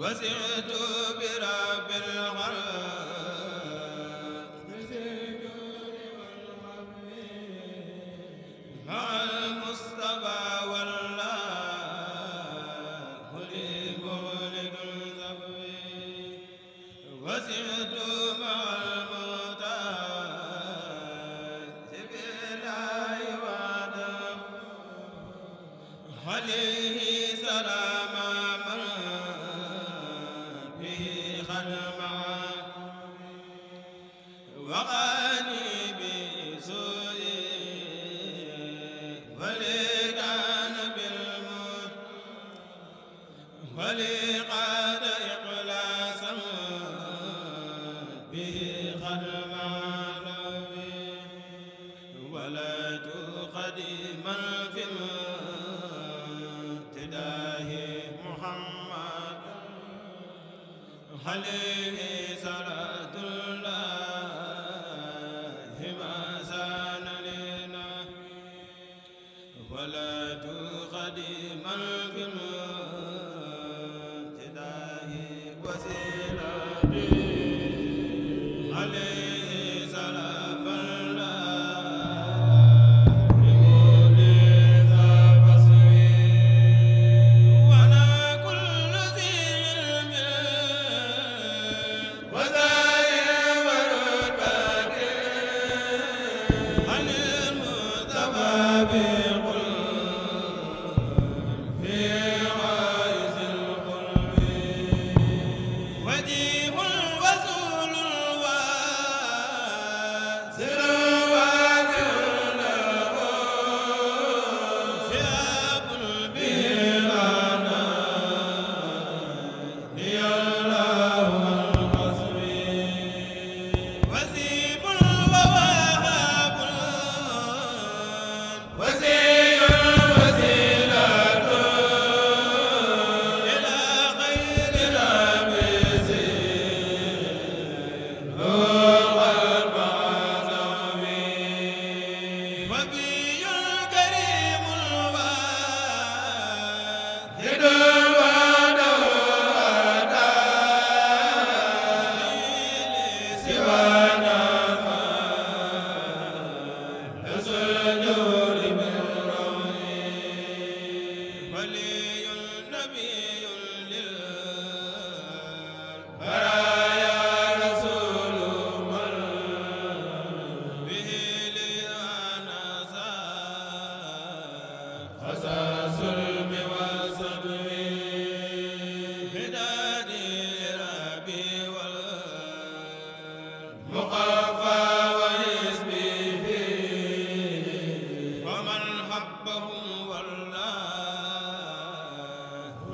wasi'tu bi rabbil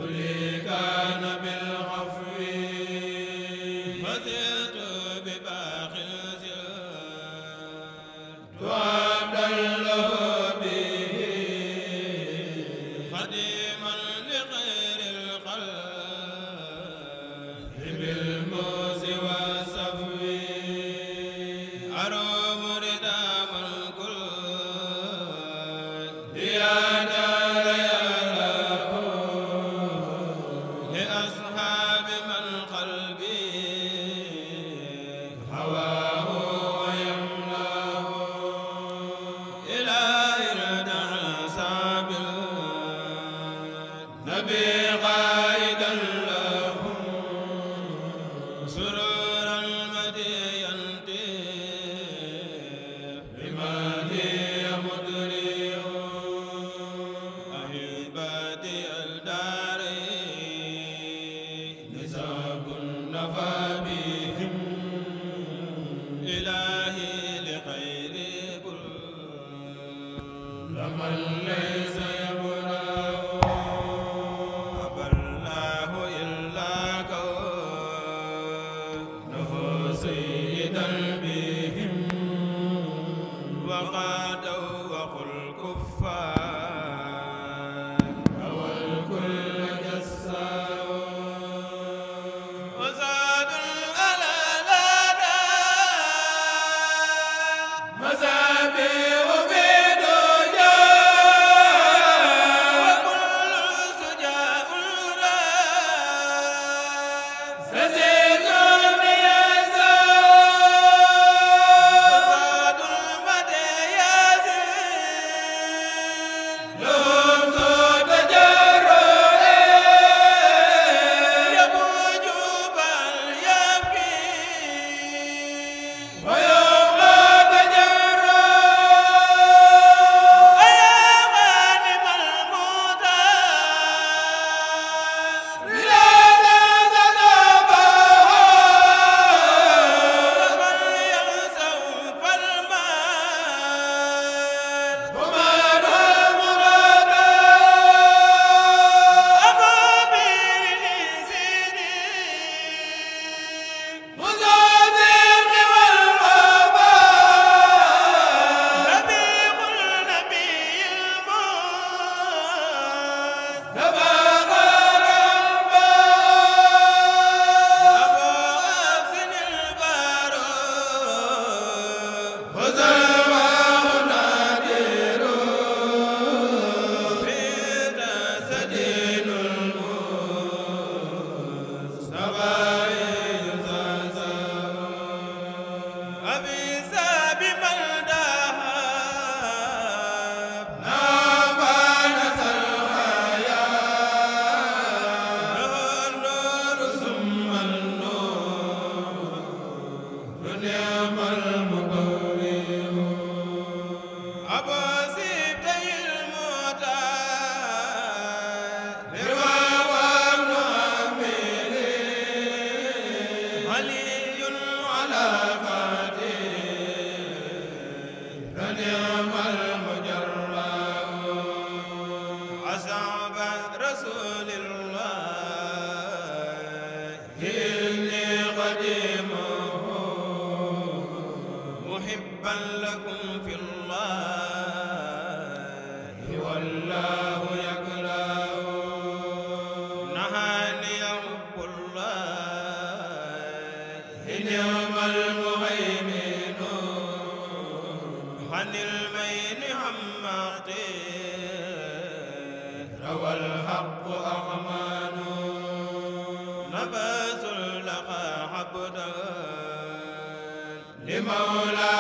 Amen li mawla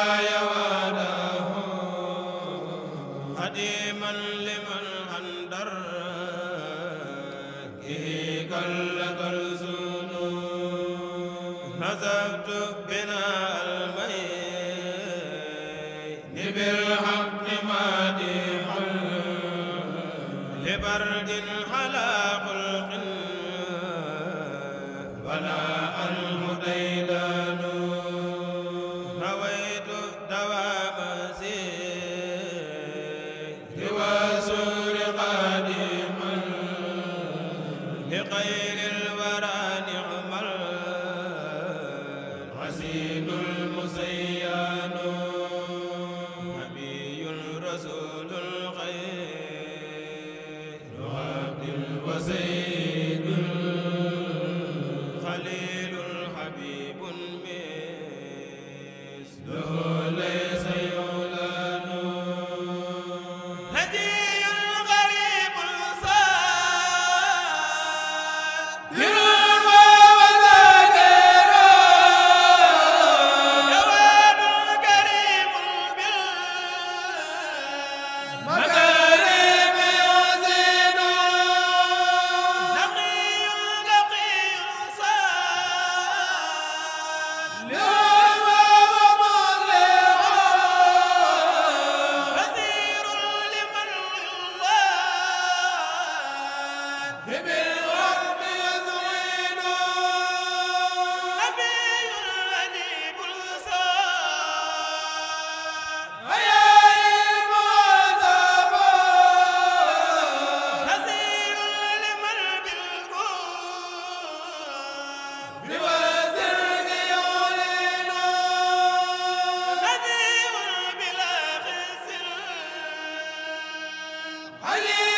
Ali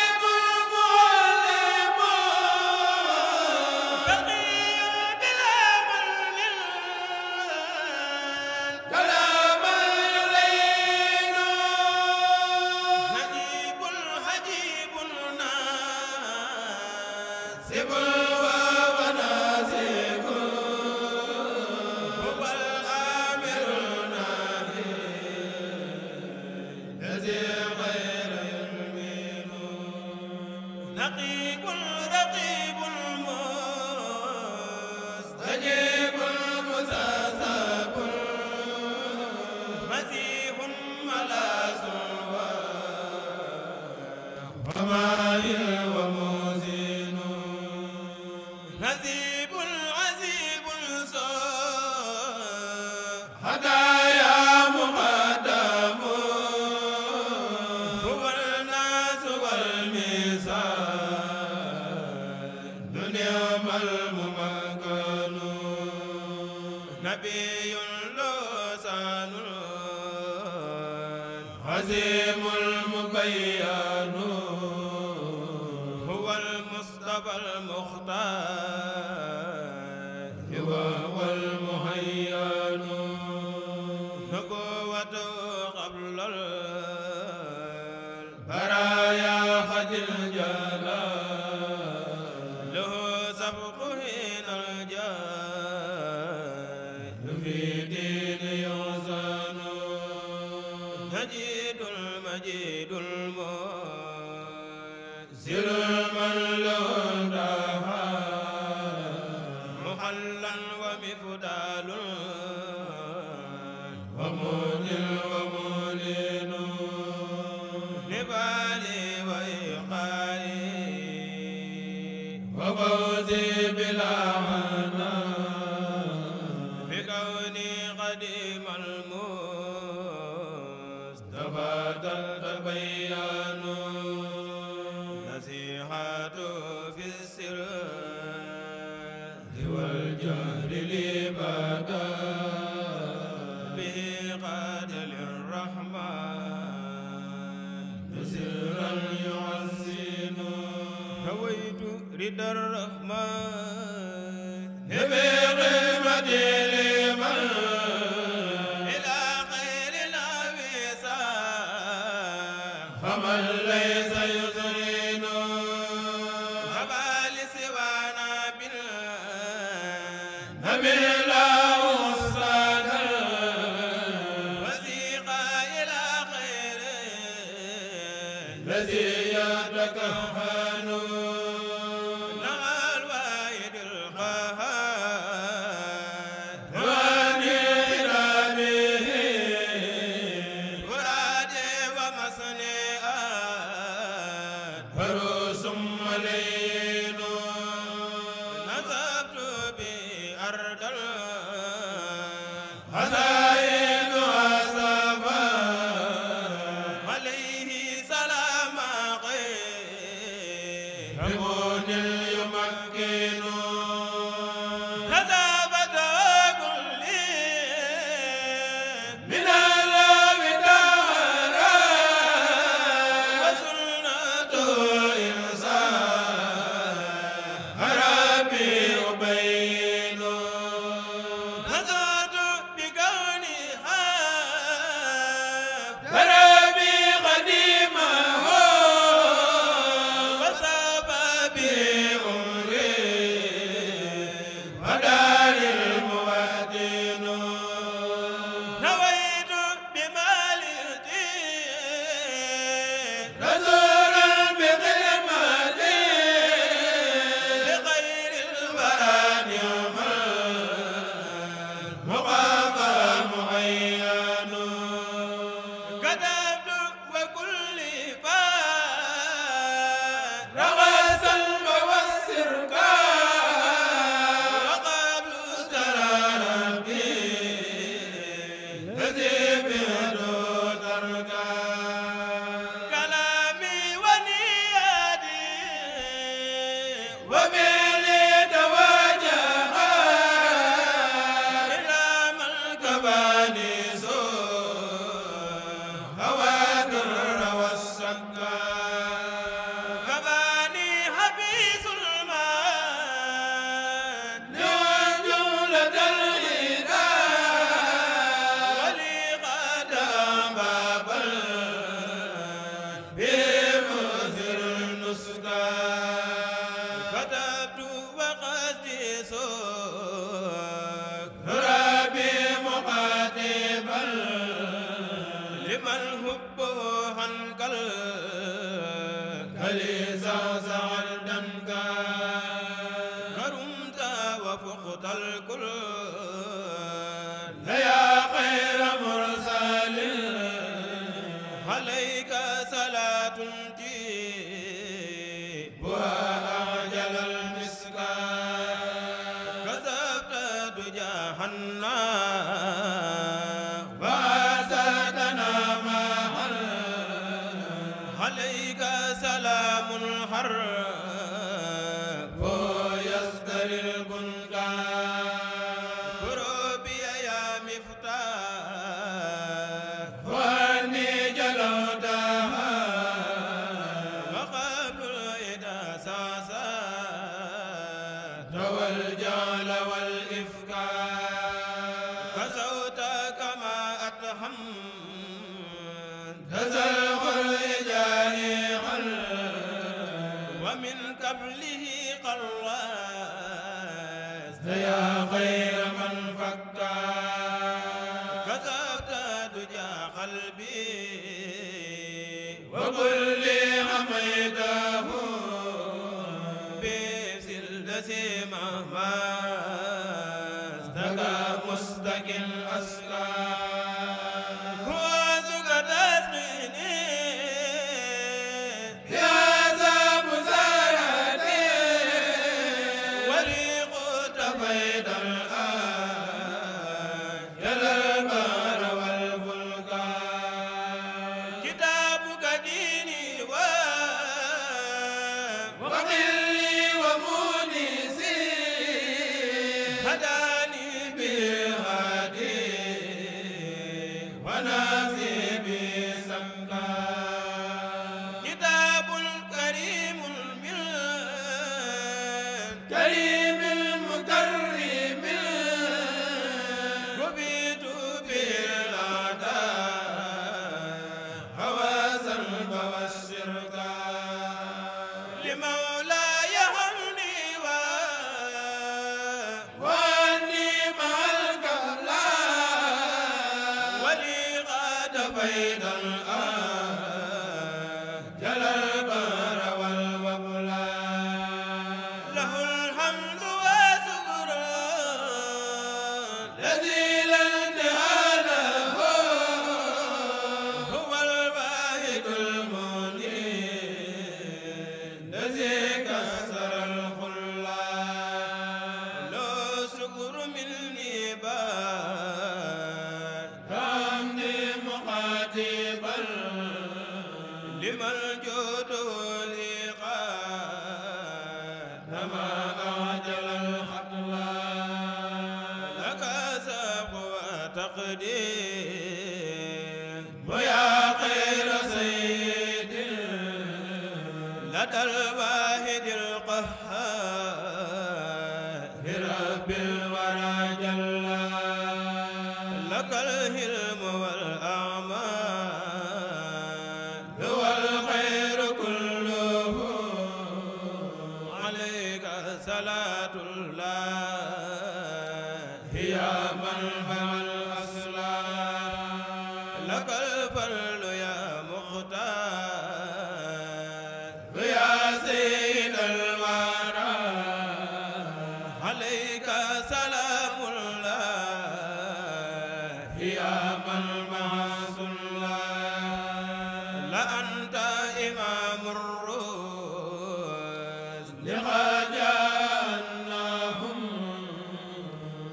di so xam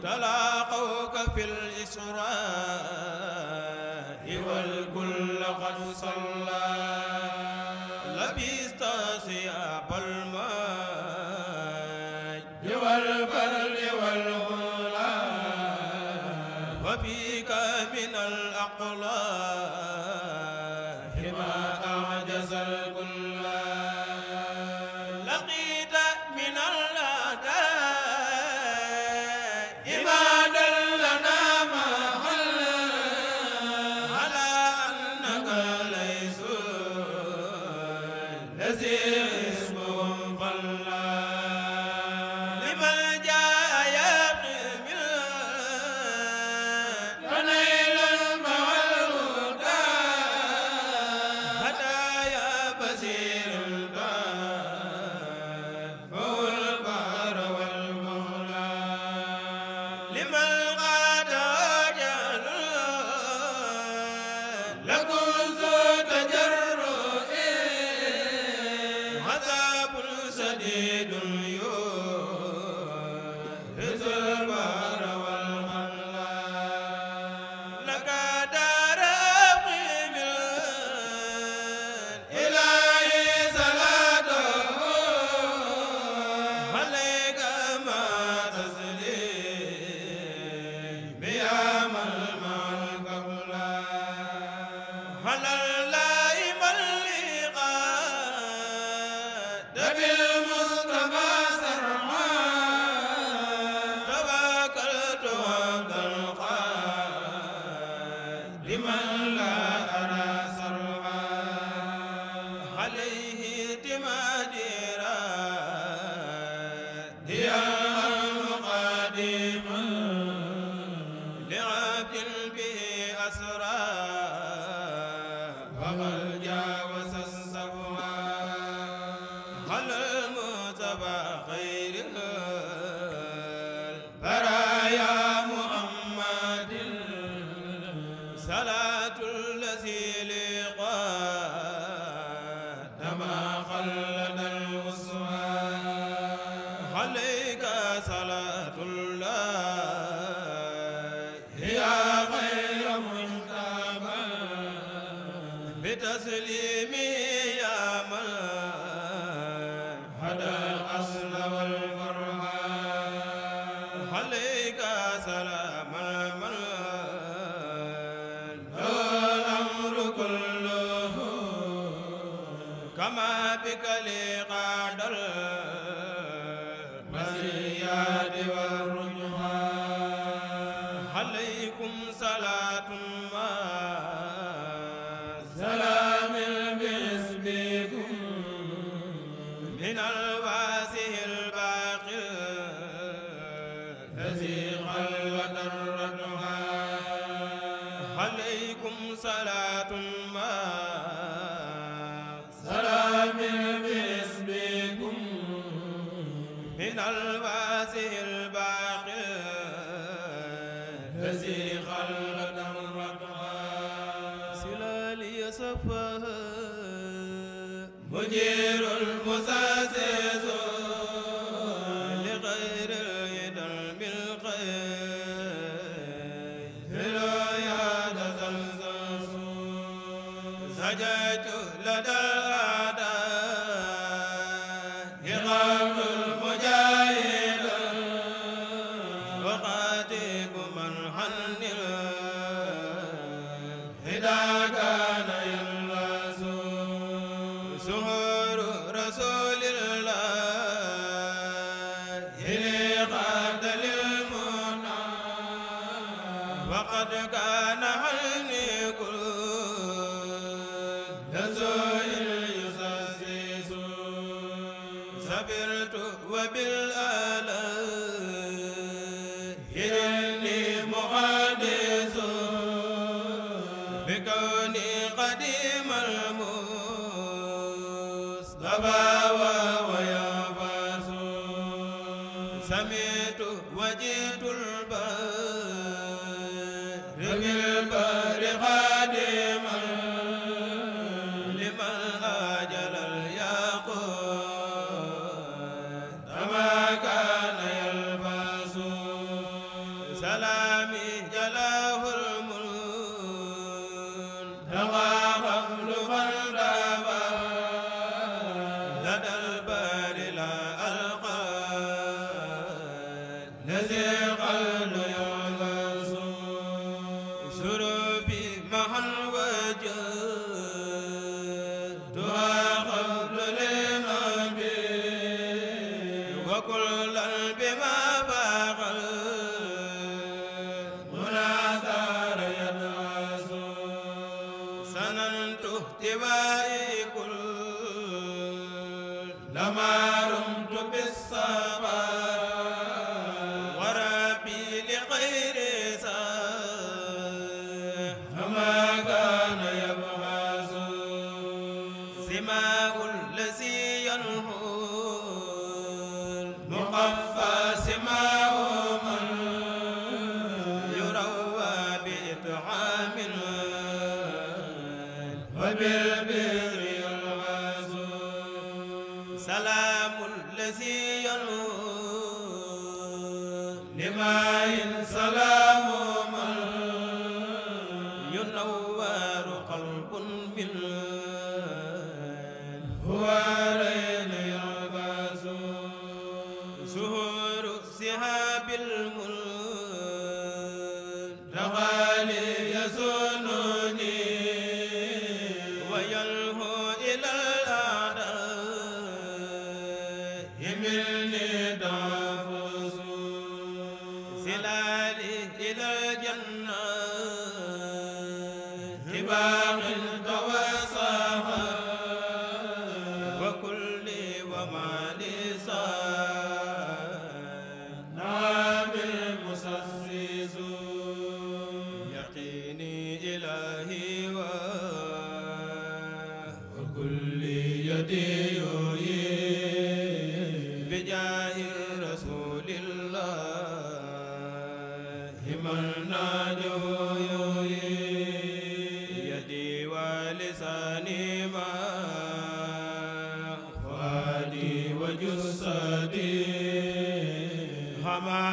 تلاقوك في الإسراء la وقد كان حلمي كل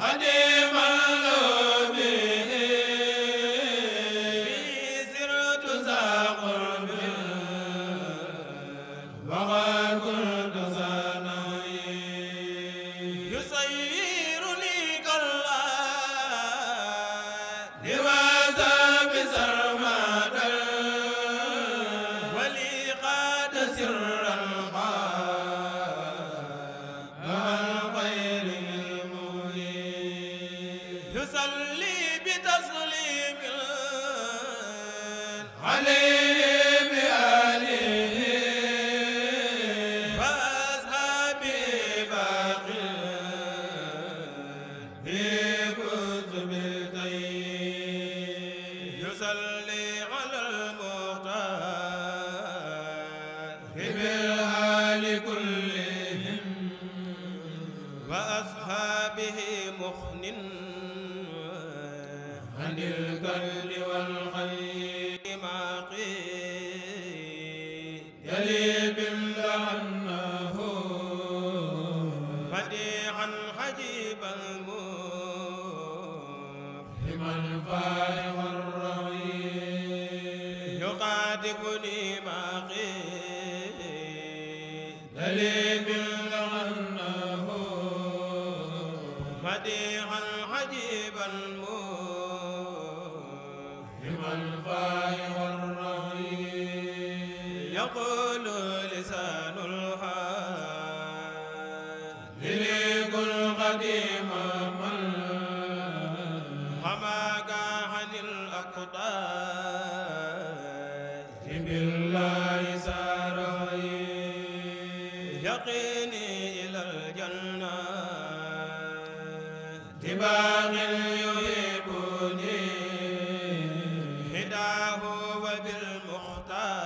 hadi dil kar muxtaar